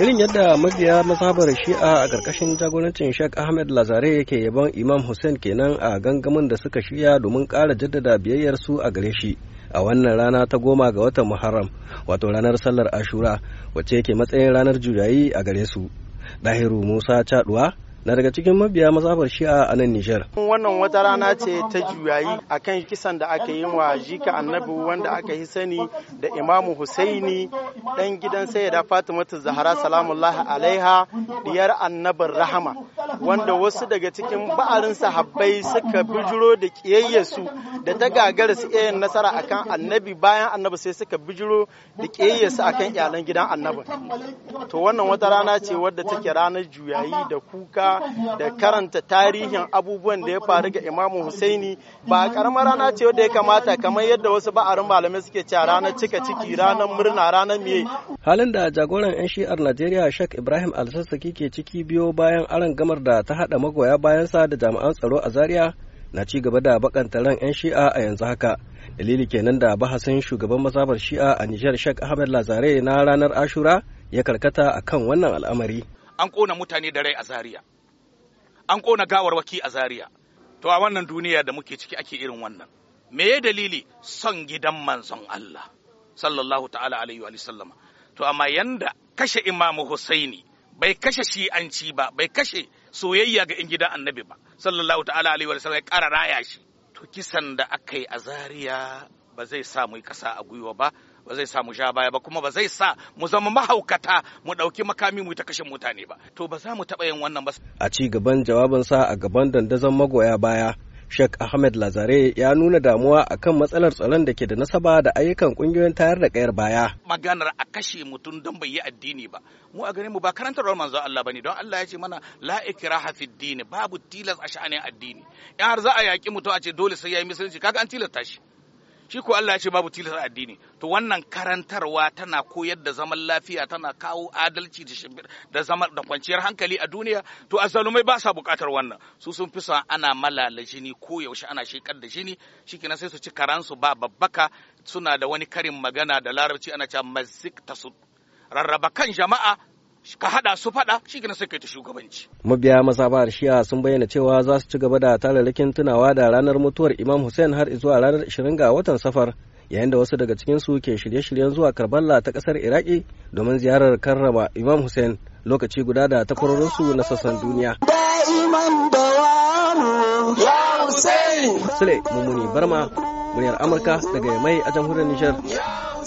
irin yadda mabiya masabar shi'a a karkashin jagorancin Sheikh Ahmed Lazare yake yabon Imam Hussein kenan a gangamin da suka shirya domin ƙara jaddada biyayyar su a gare shi a wannan rana ta goma ga watan Muharram wato ranar sallar Ashura wacce yake matsayin ranar juyayi a gare su Dahiru Musa Chaduwa na daga cikin mabiya mazabar shi'a a nan Nijar. Wannan wata rana ce ta juyayi akan kisan da aka yi wa jika annabi wanda aka yi sani da Imamu Husaini dan gidan Sayyida Fatimatu Zahra salamullahi alaiha diyar annabin rahama. wanda wasu daga cikin ba'arin sahabbai suka bijiro da su da ta gagara su iya nasara akan annabi bayan annabi sai suka bijiro da kiyayyarsu akan iyalan gidan annabi to wannan wata rana ce wadda take ranar juyayi da kuka da karanta tarihin abubuwan da ya faru ga imamu husaini ba karamar rana ce wadda ya kamata kamar yadda wasu ba'arin malamai suke cewa ranar cika ciki ranar murna ranar miye halin da jagoran yan shi'ar najeriya shek ibrahim alsassaki ke ciki biyo bayan aron gamar kasar da ta haɗa magoya bayan sa da jami'an tsaro a Zaria na ci gaba da bakanta ran 'yan shi'a a yanzu haka dalili kenan da bahasin shugaban mazabar shi'a a nijar shek ahmed lazare na ranar ashura ya karkata a kan wannan al'amari an kona mutane da rai a zaria an kona gawarwaki a zaria to a wannan duniya da muke ciki ake irin wannan me ya dalili son gidan manzon allah sallallahu ta'ala alaihi wa sallama to amma yanda kashe imamu husaini bai kashe shi an ci ba bai kashe soyayya ga in gidan annabi ba sallallahu ta'ala alaihi wa sallam ya ƙara raya shi to kisan da aka yi a Zariya ba zai sa mu kasa a gwiwa ba ba zai sa mu sha baya ba kuma ba zai sa mu zama mahaukata mu ɗauki makami mu ta kashe mutane ba to ba za mu taba yin wannan ba a ci gaban jawabinsa a gaban dandazon magoya baya Sheikh Ahmed Lazare ya nuna damuwa akan matsalar tsaron da ke da nasaba da ayyukan kungiyoyin tayar da kayar baya. Maganar a kashe mutum don bai yi addini ba. Mu a gare mu ba karantarwar manzo Allah bane don Allah ya ce mana la ikraha fid din babu tilas a sha'anin addini. In har za a yaki mutum a ce dole sai ya yi musulunci kaga an tilasta shi. shi ko Allah ya ce babu tilas addini to wannan karantarwa tana koyar da zaman lafiya tana kawo adalci da shimbir da kwanciyar hankali a duniya to azalumai ba sa bukatar wannan su sun fi son ana malala jini ko yaushe ana shekar da jini shikenan sai su ci karansu ba babbaka suna da wani karin magana da larabci ana cewa mazik tasud rarraba kan jama'a ka haɗa su faɗa shi gina sai ta shugabanci mabiya mazhabar shi'a sun bayyana cewa za su ci gaba da tararrakin tunawa da ranar mutuwar imam hussein har zuwa ranar 20 ga watan safar yayin da wasu daga cikin su ke shirye-shiryen zuwa karbala ta kasar iraki domin ziyarar karrama imam hussein lokaci guda da takwarorinsu na sassan duniya sule mummuni barma muryar amurka daga yamai a jamhuriyar nijar